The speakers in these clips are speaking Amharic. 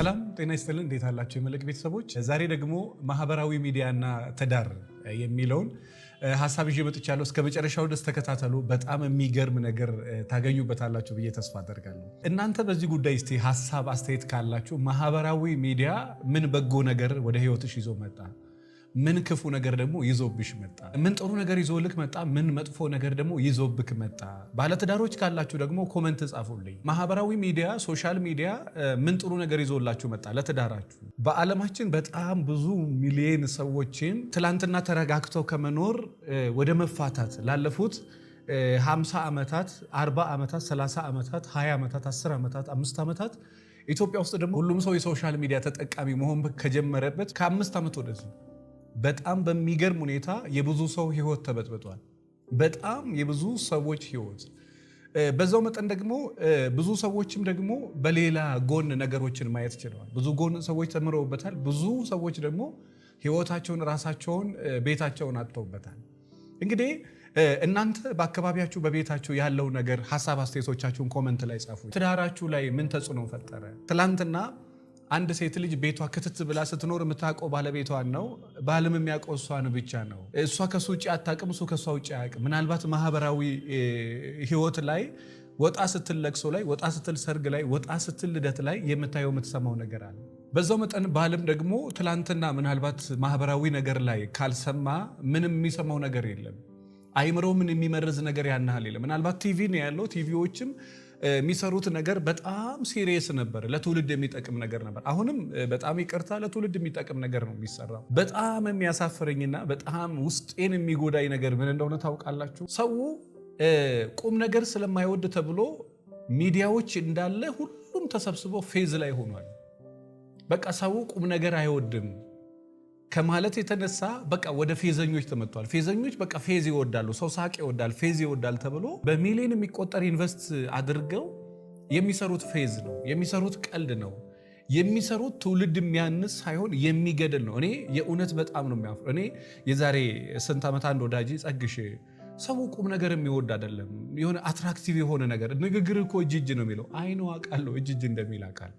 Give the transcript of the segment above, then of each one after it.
ሰላም ጤና ይስጥልን። እንዴት አላቸው የመልሕቅ ቤተሰቦች? ዛሬ ደግሞ ማህበራዊ ሚዲያና ትዳር የሚለውን ሀሳብ ይዤ መጥቻለሁ። እስከ መጨረሻው ድረስ ተከታተሉ። በጣም የሚገርም ነገር ታገኙበታላችሁ ብዬ ተስፋ አደርጋለሁ። እናንተ በዚህ ጉዳይ እስቲ ሀሳብ አስተያየት ካላችሁ ማህበራዊ ሚዲያ ምን በጎ ነገር ወደ ህይወትሽ ይዞ መጣ ምን ክፉ ነገር ደግሞ ይዞብሽ መጣ? ምን ጥሩ ነገር ይዞልክ መጣ? ምን መጥፎ ነገር ደግሞ ይዞብክ መጣ? ባለትዳሮች ካላችሁ ደግሞ ኮመንት ጻፉልኝ። ማህበራዊ ሚዲያ፣ ሶሻል ሚዲያ ምን ጥሩ ነገር ይዞላችሁ መጣ ለትዳራችሁ? በዓለማችን በጣም ብዙ ሚሊየን ሰዎችን ትላንትና ተረጋግተው ከመኖር ወደ መፋታት ላለፉት 50 ዓመታት፣ 40 ዓመታት፣ 30 ዓመታት፣ 20 ዓመታት፣ 10 ዓመታት፣ 5 ዓመታት ኢትዮጵያ ውስጥ ደግሞ ሁሉም ሰው የሶሻል ሚዲያ ተጠቃሚ መሆን ከጀመረበት ከአምስት ዓመት ወደዚህ በጣም በሚገርም ሁኔታ የብዙ ሰው ህይወት ተበጥብጧል። በጣም የብዙ ሰዎች ህይወት በዛው መጠን ደግሞ ብዙ ሰዎችም ደግሞ በሌላ ጎን ነገሮችን ማየት ችለዋል። ብዙ ጎን ሰዎች ተምረውበታል። ብዙ ሰዎች ደግሞ ህይወታቸውን፣ ራሳቸውን፣ ቤታቸውን አጥተውበታል። እንግዲህ እናንተ በአካባቢያችሁ በቤታችሁ ያለው ነገር ሀሳብ አስተያየቶቻችሁን ኮመንት ላይ ጻፉ። ትዳራችሁ ላይ ምን ተጽዕኖ ፈጠረ? ትላንትና አንድ ሴት ልጅ ቤቷ ክትት ብላ ስትኖር የምታውቀው ባለቤቷን ነው። ባልም የሚያውቀው እሷን ብቻ ነው። እሷ ከሱ ውጭ አታውቅም፣ እሱ ከእሷ ውጭ አያውቅም። ምናልባት ማህበራዊ ህይወት ላይ ወጣ ስትል ለቅሶ ላይ፣ ወጣ ስትል ሰርግ ላይ፣ ወጣ ስትል ልደት ላይ የምታየው የምትሰማው ነገር አለ። በዛው መጠን ባልም ደግሞ ትላንትና ምናልባት ማህበራዊ ነገር ላይ ካልሰማ ምንም የሚሰማው ነገር የለም። አይምሮ ምን የሚመርዝ ነገር ያናህል የለም። ምናልባት ቲቪ ነው ያለው ቲቪዎችም የሚሰሩት ነገር በጣም ሲሪየስ ነበር። ለትውልድ የሚጠቅም ነገር ነበር። አሁንም በጣም ይቅርታ፣ ለትውልድ የሚጠቅም ነገር ነው የሚሰራው። በጣም የሚያሳፍረኝና በጣም ውስጤን የሚጎዳኝ ነገር ምን እንደሆነ ታውቃላችሁ? ሰው ቁም ነገር ስለማይወድ ተብሎ ሚዲያዎች እንዳለ ሁሉም ተሰብስበው ፌዝ ላይ ሆኗል። በቃ ሰው ቁም ነገር አይወድም። ከማለት የተነሳ በቃ ወደ ፌዘኞች ተመጥቷል። ፌዘኞች በቃ ፌዝ ይወዳሉ፣ ሰው ሳቅ ይወዳል፣ ፌዝ ይወዳል ተብሎ በሚሊዮን የሚቆጠር ኢንቨስት አድርገው የሚሰሩት ፌዝ ነው የሚሰሩት ቀልድ ነው የሚሰሩት ትውልድ የሚያንስ ሳይሆን የሚገድል ነው። እኔ የእውነት በጣም ነው የሚያፍ እኔ የዛሬ ስንት ዓመት አንድ ወዳጅ ጸግሽ ሰው ቁም ነገር የሚወድ አይደለም የሆነ አትራክቲቭ የሆነ ነገር ንግግር እኮ እጅ እጅ ነው የሚለው አይነው አውቃለሁ እጅ እጅ እንደሚል አውቃለሁ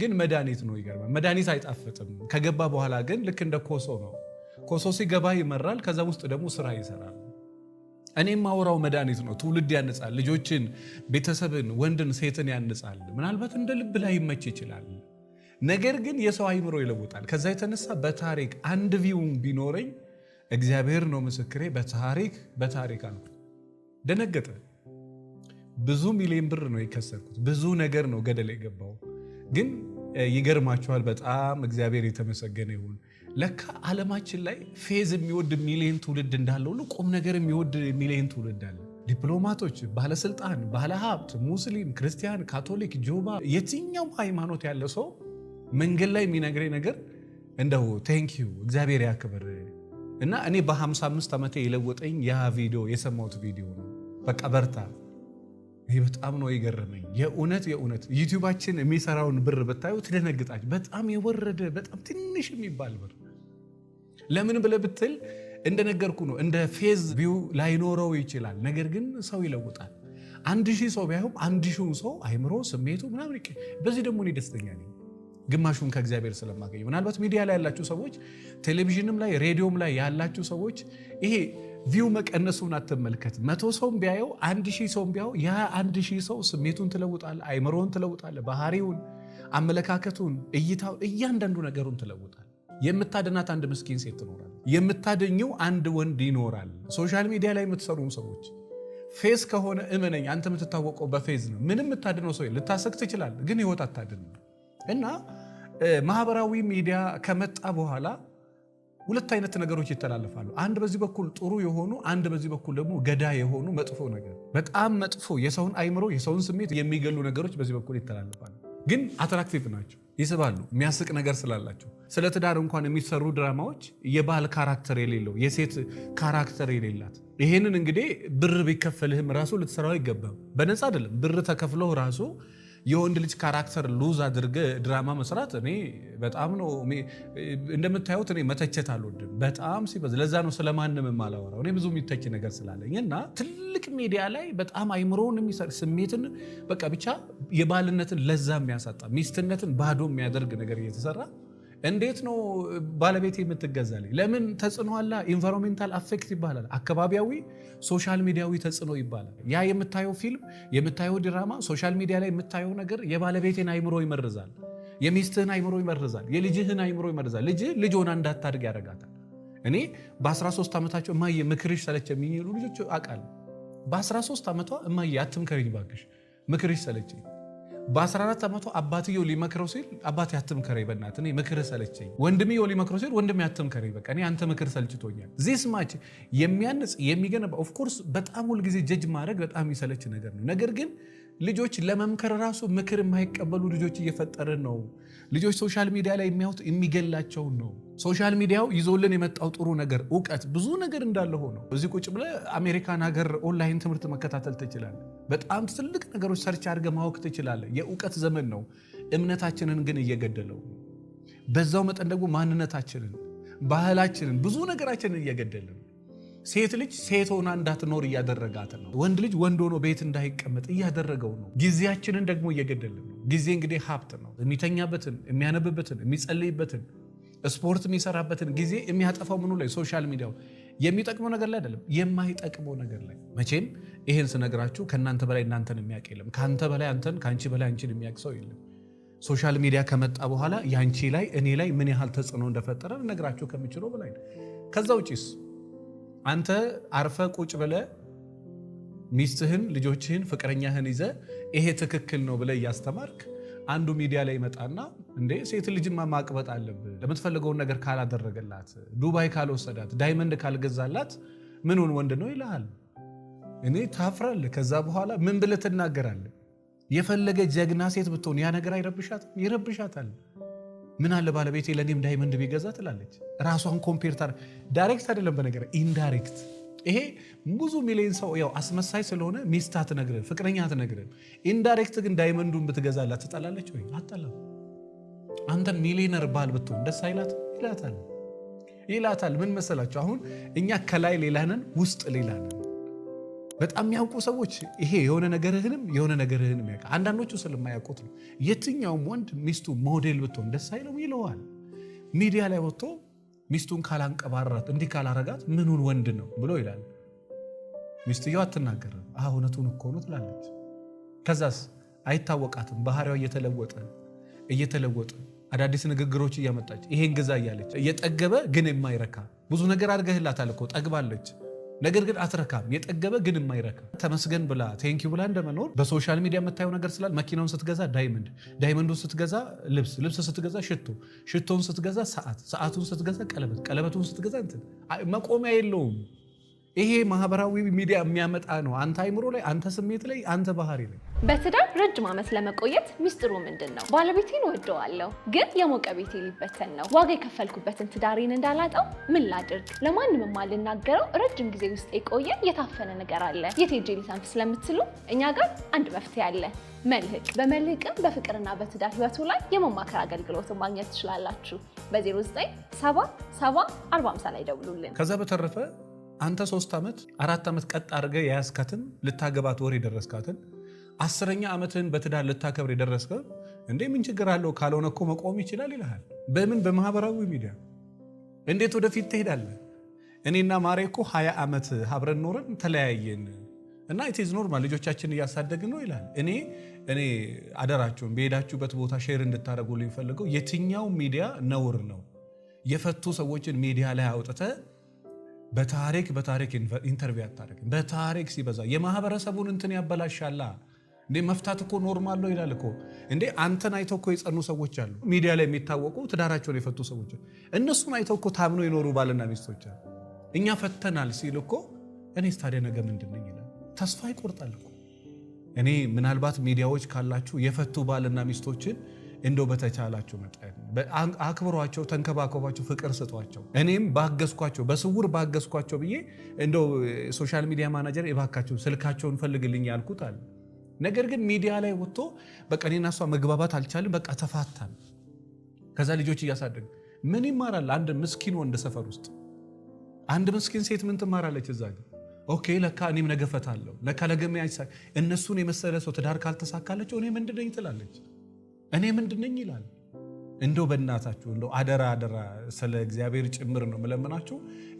ግን መድኃኒት ነው። ይገርማል። መድኃኒት አይጣፍጥም። ከገባ በኋላ ግን ልክ እንደ ኮሶ ነው። ኮሶ ሲገባ ይመራል፣ ከዛ ውስጥ ደግሞ ስራ ይሰራል። እኔ የማወራው መድኃኒት ነው። ትውልድ ያንጻል፣ ልጆችን፣ ቤተሰብን፣ ወንድን፣ ሴትን ያንጻል። ምናልባት እንደ ልብ ላይ ይመች ይችላል፣ ነገር ግን የሰው አይምሮ ይለውጣል። ከዛ የተነሳ በታሪክ አንድ ቪውን ቢኖረኝ እግዚአብሔር ነው ምስክሬ። በታሪክ በታሪክ አልኩ። ደነገጠ። ብዙ ሚሊዮን ብር ነው የከሰርኩት። ብዙ ነገር ነው ገደል የገባው ግን ይገርማችኋል። በጣም እግዚአብሔር የተመሰገነ ይሁን። ለካ ዓለማችን ላይ ፌዝ የሚወድ ሚሊየን ትውልድ እንዳለ ሁሉ ቁም ነገር የሚወድ ሚሊየን ትውልድ አለ። ዲፕሎማቶች፣ ባለስልጣን፣ ባለሀብት፣ ሙስሊም፣ ክርስቲያን፣ ካቶሊክ፣ ጆባ፣ የትኛውም ሃይማኖት ያለ ሰው መንገድ ላይ የሚነግረኝ ነገር እንደው ቴንኪዩ እግዚአብሔር ያክብር እና እኔ በ55 ዓመቴ የለወጠኝ ያ ቪዲዮ የሰማሁት ቪዲዮ ነው። በቃ በርታ ይህ በጣም ነው የገረመኝ። የእውነት የእውነት ዩቲዩባችን የሚሰራውን ብር ብታዩ ትደነግጣች። በጣም የወረደ በጣም ትንሽ የሚባል ብር ለምን ብለ ብትል እንደነገርኩ ነው። እንደ ፌዝ ቪው ላይኖረው ይችላል። ነገር ግን ሰው ይለውጣል። አንድ ሺህ ሰው ቢያዩም አንድ ሺውን ሰው አይምሮ፣ ስሜቱ ምናምን። በዚህ ደግሞ እኔ ደስተኛ ነኝ፣ ግማሹን ከእግዚአብሔር ስለማገኘ። ምናልባት ሚዲያ ላይ ያላችሁ ሰዎች፣ ቴሌቪዥንም ላይ ሬዲዮም ላይ ያላችሁ ሰዎች ይሄ ቪው መቀነሱን አትመልከት። መቶ ሰውም ቢያየው አንድ ሺህ ሰውም ቢያየው ያ አንድ ሺህ ሰው ስሜቱን ትለውጣለ፣ አይምሮውን ትለውጣለ፣ ባህሪውን፣ አመለካከቱን፣ እይታው እያንዳንዱ ነገሩን ትለውጣል። የምታድናት አንድ ምስኪን ሴት ትኖራል። የምታደኘው አንድ ወንድ ይኖራል። ሶሻል ሚዲያ ላይ የምትሰሩም ሰዎች ፌዝ ከሆነ እመነኝ፣ አንተ የምትታወቀው በፌዝ ነው። ምንም የምታድነው ሰው ልታሰግ ትችላል፣ ግን ህይወት አታድን እና ማህበራዊ ሚዲያ ከመጣ በኋላ ሁለት አይነት ነገሮች ይተላለፋሉ። አንድ በዚህ በኩል ጥሩ የሆኑ አንድ በዚህ በኩል ደግሞ ገዳ የሆኑ መጥፎ ነገር፣ በጣም መጥፎ የሰውን አይምሮ የሰውን ስሜት የሚገሉ ነገሮች በዚህ በኩል ይተላለፋሉ። ግን አትራክቲቭ ናቸው፣ ይስባሉ፣ የሚያስቅ ነገር ስላላቸው። ስለ ትዳር እንኳን የሚሰሩ ድራማዎች የባል ካራክተር የሌለው የሴት ካራክተር የሌላት ይህንን እንግዲህ ብር ቢከፈልህም ራሱ ልትሰራው አይገባም። በነፃ አይደለም ብር ተከፍለው ራሱ የወንድ ልጅ ካራክተር ሉዝ አድርገ ድራማ መስራት እኔ በጣም ነው እንደምታዩት፣ እኔ መተቸት አልወድም በጣም ሲበዝ። ለዛ ነው ስለማንም የማላወራው እኔ ብዙ የሚተች ነገር ስላለኝ እና ትልቅ ሚዲያ ላይ በጣም አይምሮውን የሚሰር ስሜትን በቃ ብቻ የባልነትን ለዛ የሚያሳጣ ሚስትነትን ባዶ የሚያደርግ ነገር እየተሰራ እንዴት ነው ባለቤት የምትገዛልኝ? ለምን ተጽዕኖ አላ ኢንቫይሮሜንታል አፌክት ይባላል፣ አካባቢያዊ ሶሻል ሚዲያዊ ተጽዕኖ ይባላል። ያ የምታየው ፊልም የምታየው ድራማ ሶሻል ሚዲያ ላይ የምታየው ነገር የባለቤቴን አይምሮ ይመርዛል፣ የሚስትህን አይምሮ ይመርዛል፣ የልጅህን አይምሮ ይመርዛል። ልጅ ልጅ ሆና እንዳታድግ ያደርጋታል። እኔ በ13 ዓመታቸው እማዬ ምክርሽ ሰለች የሚሉ ልጆች አውቃለሁ። በ13 ዓመቷ እማዬ አትምከርኝ እባክሽ ምክርሽ ሰለችኝ በ14 ዓመቱ አባትየው ሊመክረው ሲል አባት ያትም በእናት እኔ ምክር ሰለቸኝ። ወንድምየው ሊመክረው ሲል ወንድም ያትም ከሬ በቃ እኔ አንተ ምክር ሰልችቶኛል። ዚህ ስማች የሚያንጽ የሚገነባ ኦፍኮርስ በጣም ሁልጊዜ ጀጅ ማድረግ በጣም የሚሰለች ነገር ነው። ነገር ግን ልጆች ለመምከር ራሱ ምክር የማይቀበሉ ልጆች እየፈጠርን ነው። ልጆች ሶሻል ሚዲያ ላይ የሚያዩት የሚገላቸውን ነው። ሶሻል ሚዲያው ይዞልን የመጣው ጥሩ ነገር እውቀት፣ ብዙ ነገር እንዳለ ሆኖ እዚህ ቁጭ ብለህ አሜሪካን ሀገር ኦንላይን ትምህርት መከታተል ትችላለህ። በጣም ትልቅ ነገሮች ሰርች አድርገህ ማወቅ ትችላለህ። የእውቀት ዘመን ነው። እምነታችንን ግን እየገደለው በዛው መጠን ደግሞ ማንነታችንን፣ ባህላችንን፣ ብዙ ነገራችንን እየገደልን ሴት ልጅ ሴት ሆና እንዳትኖር እያደረጋት ነው። ወንድ ልጅ ወንድ ሆኖ ቤት እንዳይቀመጥ እያደረገው ነው። ጊዜያችንን ደግሞ እየገደልን ጊዜ እንግዲህ ሀብት ነው። የሚተኛበትን፣ የሚያነብበትን፣ የሚጸልይበትን ስፖርት የሚሰራበትን ጊዜ የሚያጠፋው ምኑ ላይ? ሶሻል ሚዲያው የሚጠቅመው ነገር ላይ አይደለም፣ የማይጠቅመው ነገር ላይ። መቼም ይህን ስነግራችሁ ከእናንተ በላይ እናንተን የሚያውቅ የለም። ከአንተ በላይ አንተን፣ ከአንቺ በላይ አንቺን የሚያውቅ ሰው የለም። ሶሻል ሚዲያ ከመጣ በኋላ የአንቺ ላይ እኔ ላይ ምን ያህል ተጽዕኖ እንደፈጠረ ነግራችሁ ከምችለው በላይ ከዛ ውጭስ አንተ አርፈ ቁጭ ብለ ሚስትህን፣ ልጆችህን፣ ፍቅረኛህን ይዘ ይሄ ትክክል ነው ብለ እያስተማርክ አንዱ ሚዲያ ላይ ይመጣና እንዴ ሴት ልጅማ ማቅበጥ አለብህ ለምትፈልገውን ነገር ካላደረገላት፣ ዱባይ ካልወሰዳት፣ ዳይመንድ ካልገዛላት ምንን ወንድ ነው ይልሃል። እኔ ታፍራለህ። ከዛ በኋላ ምን ብለህ ትናገራለህ? የፈለገ ጀግና ሴት ብትሆን ያ ነገር አይረብሻት? ይረብሻታል። ምን አለ ባለቤቴ ለእኔም ዳይመንድ ቢገዛ ትላለች። ራሷን ኮምፔርታር ዳይሬክት አይደለም በነገር ኢንዳይሬክት ይሄ ብዙ ሚሊዮን ሰው ያው አስመሳይ ስለሆነ ሚስት አትነግርም፣ ፍቅረኛ አትነግርም። ኢንዳይሬክት ግን ዳይመንዱን ብትገዛላት ትጠላለች ወይ? አጠላም። አንተ ሚሊዮነር ባል ብትሆን ደስ አይላት? ይላታል፣ ይላታል። ምን መሰላችሁ? አሁን እኛ ከላይ ሌላ ነን፣ ውስጥ ሌላ ነን። በጣም የሚያውቁ ሰዎች ይሄ የሆነ ነገርህንም የሆነ ነገርህንም ያውቃል። አንዳንዶቹ ስለማያውቁት ነው። የትኛውም ወንድ ሚስቱ ሞዴል ብትሆን ደስ አይለውም? ይለዋል። ሚዲያ ላይ ወጥቶ ሚስቱን ካላንቀባራት እንዲህ ካላረጋት ምኑን ወንድ ነው ብሎ ይላል። ሚስትየው አትናገርም። አ እውነቱን እኮ ነው ትላለች። ከዛስ አይታወቃትም። ባህሪዋ እየተለወጠ እየተለወጠ አዳዲስ ንግግሮች እያመጣች ይሄን ግዛ እያለች እየጠገበ ግን የማይረካ ብዙ ነገር አድርገህላታል እኮ ጠግባለች። ነገር ግን አትረካም። የጠገበ ግን የማይረካ ተመስገን ብላ ቴንኪ ብላ እንደመኖር በሶሻል ሚዲያ የምታየው ነገር ስላል መኪናውን ስትገዛ ዳይመንድ፣ ዳይመንዱን ስትገዛ ልብስ፣ ልብስ ስትገዛ ሽቶ፣ ሽቶውን ስትገዛ ሰዓት፣ ሰዓቱን ስትገዛ ቀለበት፣ ቀለበቱን ስትገዛ እንትን መቆሚያ የለውም። ይሄ ማህበራዊ ሚዲያ የሚያመጣ ነው። አንተ አይምሮ ላይ፣ አንተ ስሜት ላይ፣ አንተ ባህሪ ላይ። በትዳር ረጅም ዓመት ለመቆየት ሚስጥሩ ምንድን ነው? ባለቤቴን ወደዋለሁ፣ ግን የሞቀ ቤቴ ሊበተን ነው። ዋጋ የከፈልኩበትን ትዳሬን እንዳላጣው ምን ላድርግ? ለማንም የማልናገረው ረጅም ጊዜ ውስጥ የቆየ የታፈነ ነገር አለ። የት ሄጄ ስለምትሉ እኛ ጋር አንድ መፍትሄ አለ። መልህቅ። በመልህቅም በፍቅርና በትዳር ህይወቱ ላይ የመማከር አገልግሎትን ማግኘት ትችላላችሁ። በ0977 45 ላይ ደውሉልን። ከዛ በተረፈ አንተ ሶስት ዓመት አራት ዓመት ቀጥ አድርገ የያዝካትን ልታገባት ወር የደረስካትን አስረኛ ዓመትህን በትዳር ልታከብር የደረስከ እንዴ ምን ችግር አለው ካልሆነ እኮ መቆም ይችላል ይልሃል። በምን በማህበራዊ ሚዲያ እንዴት ወደፊት ትሄዳለህ? እኔና ማሬ እኮ ሀያ ዓመት አብረን ኖረን ተለያየን እና ኢትዝ ኖርማል ልጆቻችን እያሳደግን ነው ይላል። እኔ እኔ አደራችሁን በሄዳችሁበት ቦታ ሼር እንድታደረጉ ልፈልገው የትኛው ሚዲያ ነውር ነው? የፈቱ ሰዎችን ሚዲያ ላይ አውጥተህ በታሪክ በታሪክ ኢንተርቪው አታደርግም። በታሪክ ሲበዛ የማህበረሰቡን እንትን ያበላሻላ እንዴ መፍታት እኮ ኖርማል ነው ይላል እኮ እንዴ። አንተን አይተው እኮ የጸኑ ሰዎች አሉ፣ ሚዲያ ላይ የሚታወቁ ትዳራቸውን የፈቱ ሰዎች እነሱን አይተው እኮ ታምነው የኖሩ ባልና ሚስቶች አሉ። እኛ ፈተናል ሲል እኮ እኔስ ታዲያ ነገ ምንድን ነኝ ይላል። ተስፋ ይቆርጣል እኮ። እኔ ምናልባት ሚዲያዎች ካላችሁ የፈቱ ባልና ሚስቶችን እንደው በተቻላቸው መጠን አክብሯቸው፣ ተንከባከቧቸው፣ ፍቅር ስጧቸው። እኔም ባገዝኳቸው በስውር ባገዝኳቸው ብዬ እንደው ሶሻል ሚዲያ ማናጀር የባካቸው ስልካቸውን ፈልግልኝ ያልኩት አለ። ነገር ግን ሚዲያ ላይ ወጥቶ በቃ እኔና እሷ መግባባት አልቻልም፣ በቃ ተፋታን። ከዛ ልጆች እያሳደግ ምን ይማራል አንድ ምስኪን ወንድ ሰፈር ውስጥ አንድ ምስኪን ሴት ምን ትማራለች? እዛ ግን ኦኬ ለካ እኔም ነገፈታለሁ ለካ ለገመያ እነሱን የመሰለ ሰው ትዳር ካልተሳካለችው እኔ ምንድነኝ ትላለች። እኔ ምንድነኝ ይላል። እንደው በእናታችሁ እንደው አደራ አደራ ስለ እግዚአብሔር ጭምር ነው የምለምናችሁ።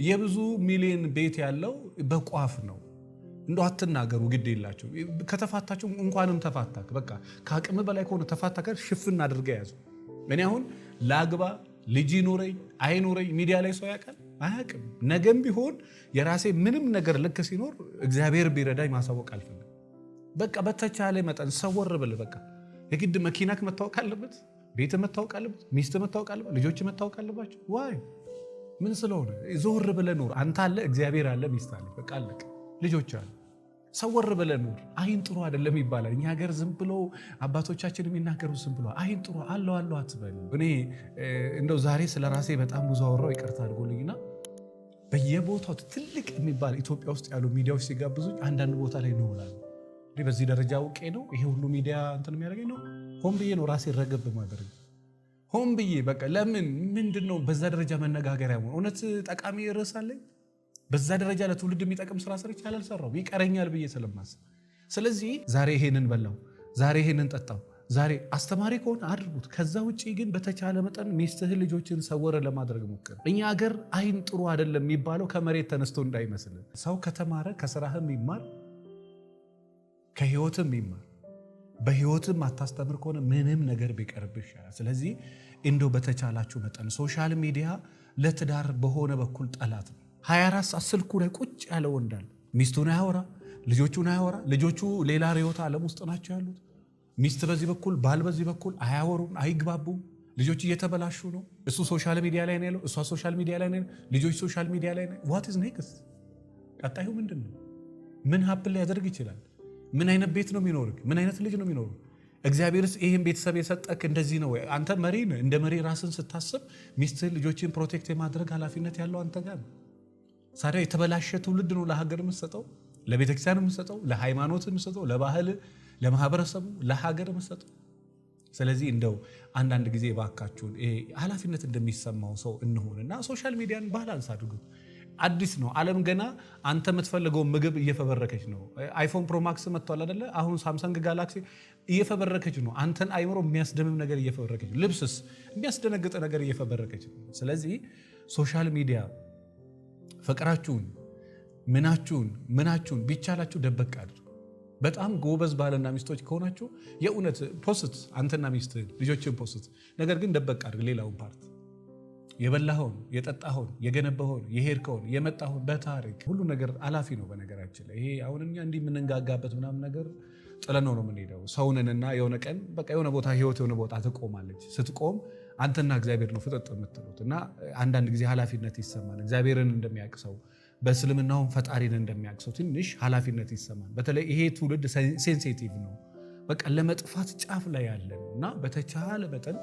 የብዙ ሚሊዮን ቤት ያለው በቋፍ ነው። እንደው አትናገሩ፣ ግድ የላችሁ። ከተፋታችሁ እንኳንም ተፋታክ፣ በቃ ከአቅም በላይ ከሆነ ተፋታከ፣ ሽፍን አድርገ ያዙ። እኔ አሁን ለአግባ ልጅ ይኑረኝ አይኖረኝ ሚዲያ ላይ ሰው ያውቃል አያውቅም፣ ነገም ቢሆን የራሴ ምንም ነገር ልክ ሲኖር እግዚአብሔር ቢረዳኝ ማሳወቅ አልፈልግም። በቃ በተቻለ መጠን ሰወር ብል በቃ የግድ መኪናክ መታወቅ አለበት፣ ቤት መታወቅ አለበት፣ ሚስት መታወቅ አለበት፣ ልጆች መታወቅ አለባቸው። ዋይ ምን ስለሆነ ዞር ብለህ ኑር። አንተ አለ፣ እግዚአብሔር አለ፣ ሚስት አለ፣ በቃ አለቀ፣ ልጆች አለ። ሰወር ብለህ ኑር። አይን ጥሩ አይደለም ይባላል። እኛ ሀገር ዝም ብሎ አባቶቻችን የሚናገሩ ዝም ብሎ አይን ጥሩ አለው አለው አትበል። እኔ እንደው ዛሬ ስለ ራሴ በጣም ብዙ አወራው ይቅርታ አድርጎልኝና በየቦታው ትልቅ የሚባል ኢትዮጵያ ውስጥ ያሉ ሚዲያዎች ሲጋብዙ አንዳንድ ቦታ ላይ ነው እኔ በዚህ ደረጃ አውቄ ነው ይሄ ሁሉ ሚዲያ እንትን የሚያደርገኝ ነው። ሆን ብዬ ነው ራሴ ረገብ ማድረግ ሆን ብዬ በቃ። ለምን ምንድን ነው በዛ ደረጃ መነጋገሪያ ሆን እውነት ጠቃሚ ርዕስ አለኝ በዛ ደረጃ ለትውልድ የሚጠቅም ስራ ሰርቼ አላልሰራሁም ይቀረኛል ብዬ ስለማስብ፣ ስለዚህ ዛሬ ይሄንን በላው፣ ዛሬ ይሄንን ጠጣው፣ ዛሬ አስተማሪ ከሆነ አድርጉት። ከዛ ውጭ ግን በተቻለ መጠን ሚስትህን ልጆችን ሰወረ ለማድረግ ሞክር። እኛ ሀገር አይን ጥሩ አይደለም የሚባለው ከመሬት ተነስቶ እንዳይመስልን ሰው ከተማረ ከስራህ ይማር ከህይወትም ይማር። በህይወትም አታስተምር ከሆነ ምንም ነገር ቢቀርብ ይሻላል። ስለዚህ እንዶ በተቻላችሁ መጠን ሶሻል ሚዲያ ለትዳር በሆነ በኩል ጠላት ነው። 24 ሰዓት ስልኩ ላይ ቁጭ ያለ ወንዳል ሚስቱን አያወራ፣ ልጆቹን አያወራ። ልጆቹ ሌላ ርዕዮተ ዓለም ውስጥ ናቸው ያሉት። ሚስት በዚህ በኩል ባል በዚህ በኩል አያወሩም፣ አይግባቡም። ልጆች እየተበላሹ ነው። እሱ ሶሻል ሚዲያ ላይ ነው ያለው፣ እሷ ሶሻል ሚዲያ ላይ ነው፣ ልጆች ሶሻል ሚዲያ ላይ ነው። ዋት ኢዝ ኔክስት? ቀጣዩ ምንድን ነው? ምን ሀፕን ሊያደርግ ይችላል? ምን አይነት ቤት ነው የሚኖር? ምን አይነት ልጅ ነው የሚኖር እግዚአብሔርስ ይህን ቤተሰብ የሰጠክ እንደዚህ ነው አንተ መሪ ነህ። እንደ መሪ ራስን ስታስብ ሚስት ልጆችን ፕሮቴክት የማድረግ ኃላፊነት ያለው አንተ ጋር ነው። ሳዲያ የተበላሸ ትውልድ ነው ለሀገር የምሰጠው ለቤተክርስቲያን የምሰጠው፣ ለሃይማኖት የምሰጠው፣ ለባህል፣ ለማህበረሰቡ፣ ለሀገር የምሰጠው። ስለዚህ እንደው አንዳንድ ጊዜ ባካችሁን ኃላፊነት እንደሚሰማው ሰው እንሆን እና ሶሻል ሚዲያን ባላንስ አድርጉት። አዲስ ነው። ዓለም ገና አንተ የምትፈልገው ምግብ እየፈበረከች ነው። አይፎን ፕሮማክስ መጥቷል አደለ? አሁን ሳምሰንግ ጋላክሲ እየፈበረከች ነው። አንተን አይምሮ የሚያስደምም ነገር እየፈበረከች ነው። ልብስስ የሚያስደነግጥ ነገር እየፈበረከች ነው። ስለዚህ ሶሻል ሚዲያ ፍቅራችሁን፣ ምናችሁን፣ ምናችሁን ቢቻላችሁ ደበቅ አድርጉ። በጣም ጎበዝ ባልና ሚስቶች ከሆናችሁ የእውነት ፖስት፣ አንተና ሚስት ልጆችን ፖስት፣ ነገር ግን ደበቅ አድርግ ሌላውን ፓርት የበላኸውን፣ የጠጣኸውን፣ የገነበኸውን፣ የሄድከውን፣ የመጣኸውን በታሪክ ሁሉ ነገር አላፊ ነው። በነገራችን ላይ ይሄ አሁን እኛ እንዲህ የምንንጋጋበት ምናምን ነገር ጥለን ነው የምንሄደው። ሰውንንና የሆነ ቀን በቃ የሆነ ቦታ ህይወት የሆነ ቦታ ትቆማለች። ስትቆም አንተና እግዚአብሔር ነው ፍጥጥ የምትሉት እና አንዳንድ ጊዜ ኃላፊነት ይሰማል። እግዚአብሔርን እንደሚያውቅ ሰው በእስልምናውን ፈጣሪን እንደሚያውቅ ሰው ትንሽ ኃላፊነት ይሰማል። በተለይ ይሄ ትውልድ ሴንሴቲቭ ነው። በቃ ለመጥፋት ጫፍ ላይ ያለ ነው እና በተቻለ መጠን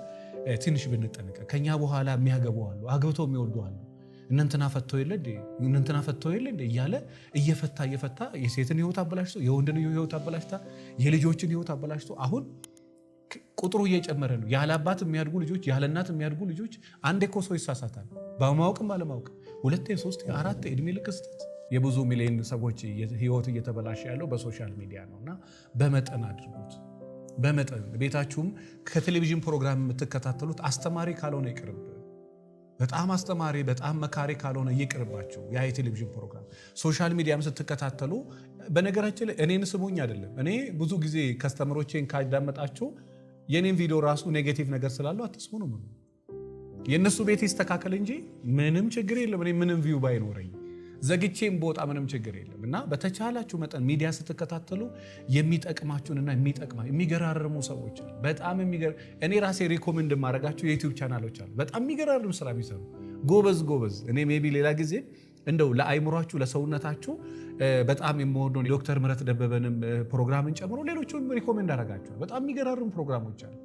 ትንሽ ብንጠነቀ ከኛ በኋላ የሚያገቡ አሉ፣ አግብተው የሚወዱ አሉ። እነንትና ፈቶ የለ እነንትና የለ እያለ እየፈታ እየፈታ የሴትን ህይወት አበላሽቶ የወንድን ህይወት አበላሽታ የልጆችን ህይወት አበላሽቶ አሁን ቁጥሩ እየጨመረ ነው። ያለ አባት የሚያድጉ ልጆች፣ ያለ እናት የሚያድጉ ልጆች። አንዴ እኮ ሰው ይሳሳታል በማወቅም አለማወቅም። ሁለት ሶስት አራት እድሜ ልክ ስህተት። የብዙ ሚሊዮን ሰዎች ህይወት እየተበላሸ ያለው በሶሻል ሚዲያ ነው እና በመጠን አድርጉት። በመጠን ቤታችሁም ከቴሌቪዥን ፕሮግራም የምትከታተሉት አስተማሪ ካልሆነ ይቅርብ፣ በጣም አስተማሪ በጣም መካሪ ካልሆነ ይቅርባችሁ ያ የቴሌቪዥን ፕሮግራም። ሶሻል ሚዲያም ስትከታተሉ በነገራችን ላይ እኔን ስሙኝ አይደለም፣ እኔ ብዙ ጊዜ ከስተምሮቼን ካዳመጣችሁ የኔን ቪዲዮ ራሱ ኔጌቲቭ ነገር ስላለው አትስሙ ነው የእነሱ ቤት ይስተካከል እንጂ ምንም ችግር የለም። እኔ ምንም ቪው ባይኖረኝ ዘግቼም በወጣ ምንም ችግር የለም እና በተቻላችሁ መጠን ሚዲያ ስትከታተሉ የሚጠቅማችሁንና የሚጠቅማ የሚገራርሙ ሰዎች አሉ። በጣም እኔ ራሴ ሪኮመንድ ማድረጋቸው የዩቲዩብ ቻናሎች አሉ። በጣም የሚገራርም ስራ የሚሰሩ ጎበዝ ጎበዝ። እኔ ሜይ ቢ ሌላ ጊዜ እንደው ለአይምሯችሁ ለሰውነታችሁ በጣም የምወደውን ዶክተር ምረት ደበበንም ፕሮግራምን ጨምሮ ሌሎቹም ሪኮሜንድ አደርጋችኋል። በጣም የሚገራርም ፕሮግራሞች አሉ።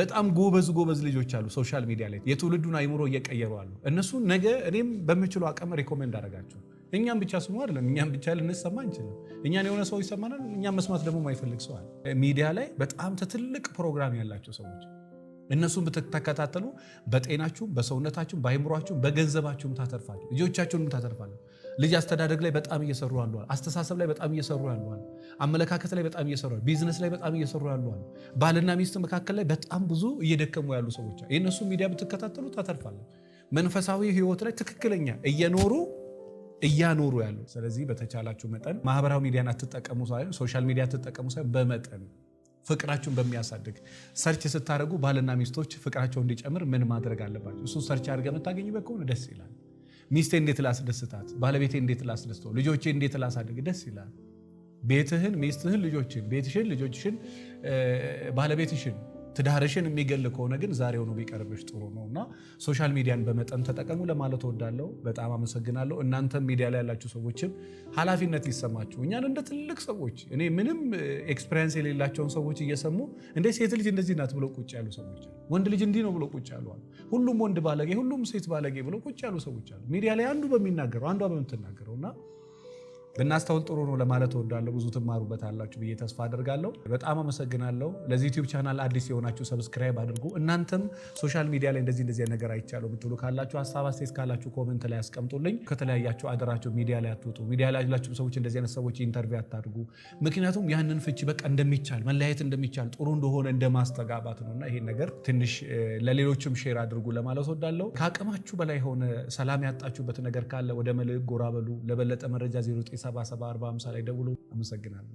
በጣም ጎበዝ ጎበዝ ልጆች አሉ። ሶሻል ሚዲያ ላይ የትውልዱን አይምሮ እየቀየሩ አሉ። እነሱ ነገ እኔም በምችሉ አቅም ሪኮሜንድ አደርጋቸዋል። እኛም ብቻ ስሙ አይደለም፣ እኛም ብቻ ልንሰማ አንችልም። እኛን የሆነ ሰው ይሰማናል፣ እኛም መስማት ደግሞ ማይፈልግ ሰው አለ። ሚዲያ ላይ በጣም ትልቅ ፕሮግራም ያላቸው ሰዎች እነሱን ብትከታተሉ በጤናችሁም፣ በሰውነታችሁም፣ በአይምሯችሁም፣ በገንዘባችሁም ታተርፋለሁ። ልጆቻችሁንም ታተርፋለሁ። ልጅ አስተዳደግ ላይ በጣም እየሰሩ ያለዋል። አስተሳሰብ ላይ በጣም እየሰሩ ያለዋል። አመለካከት ላይ በጣም እየሰሩ ቢዝነስ ላይ በጣም እየሰሩ ያለዋል። ባልና ሚስት መካከል ላይ በጣም ብዙ እየደከሙ ያሉ ሰዎች የእነሱ ሚዲያ ብትከታተሉ ታተርፋለ። መንፈሳዊ ህይወት ላይ ትክክለኛ እየኖሩ እያኖሩ ያሉ። ስለዚህ በተቻላችሁ መጠን ማህበራዊ ሚዲያን አትጠቀሙ ሳይሆን ሶሻል ሚዲያ አትጠቀሙ ሳይሆን በመጠን ፍቅራችሁን በሚያሳድግ ሰርች ስታደርጉ ባልና ሚስቶች ፍቅራቸው እንዲጨምር ምን ማድረግ አለባቸው? እሱ ሰርች አድርገ የምታገኝበት ከሆነ ደስ ይላል። ሚስቴ እንዴት ላስደስታት፣ ባለቤቴ እንዴት ላስደስተው፣ ልጆቼ እንዴት ላሳድግ፣ ደስ ይላል። ቤትህን፣ ሚስትህን፣ ልጆችን፣ ቤትሽን፣ ልጆችሽን፣ ባለቤትሽን ትዳርሽን የሚገል ከሆነ ግን ዛሬውኑ ቢቀርብሽ ጥሩ ነው እና ሶሻል ሚዲያን በመጠን ተጠቀሙ ለማለት እወዳለሁ። በጣም አመሰግናለሁ። እናንተም ሚዲያ ላይ ያላችሁ ሰዎችም ኃላፊነት ሊሰማችሁ እኛን እንደ ትልቅ ሰዎች እኔ ምንም ኤክስፔሪንስ የሌላቸውን ሰዎች እየሰሙ እንደ ሴት ልጅ እንደዚህ ናት ብሎ ቁጭ ያሉ ሰዎች ወንድ ልጅ እንዲህ ነው ብሎ ቁጭ ያሉ ሁሉም ወንድ ባለጌ፣ ሁሉም ሴት ባለጌ ብሎ ቁጭ ያሉ ሰዎች አሉ። ሚዲያ ላይ አንዱ በሚናገረው አንዷ በምትናገረው እና ብናስተውል ጥሩ ነው ለማለት እወዳለሁ። ብዙ ትማሩበት አላችሁ ብዬ ተስፋ አደርጋለሁ። በጣም አመሰግናለሁ። ለዚህ ዩቲዩብ ቻናል አዲስ የሆናችሁ ሰብስክራይብ አድርጉ። እናንተም ሶሻል ሚዲያ ላይ እንደዚህ እንደዚህ ነገር አይቻለሁ ብትሉ ካላችሁ፣ ሀሳብ አስተያየት ካላችሁ ኮመንት ላይ ያስቀምጡልኝ። ከተለያያችሁ አደራችሁ ሚዲያ ላይ አትወጡ። ሚዲያ ላይ ያላችሁ ሰዎች እንደዚህ አይነት ሰዎች ኢንተርቪው አታድርጉ። ምክንያቱም ያንን ፍቺ በቃ እንደሚቻል መለያየት እንደሚቻል ጥሩ እንደሆነ እንደማስተጋባት ነው እና ይሄን ነገር ትንሽ ለሌሎችም ሼር አድርጉ ለማለት ወዳለው ከአቅማችሁ በላይ የሆነ ሰላም ያጣችሁበት ነገር ካለ ወደ መልሕቅ ጎራ በሉ። ለበለጠ መረጃ ዜሮ 09 70 40 50 ላይ ደውሎ አመሰግናለሁ።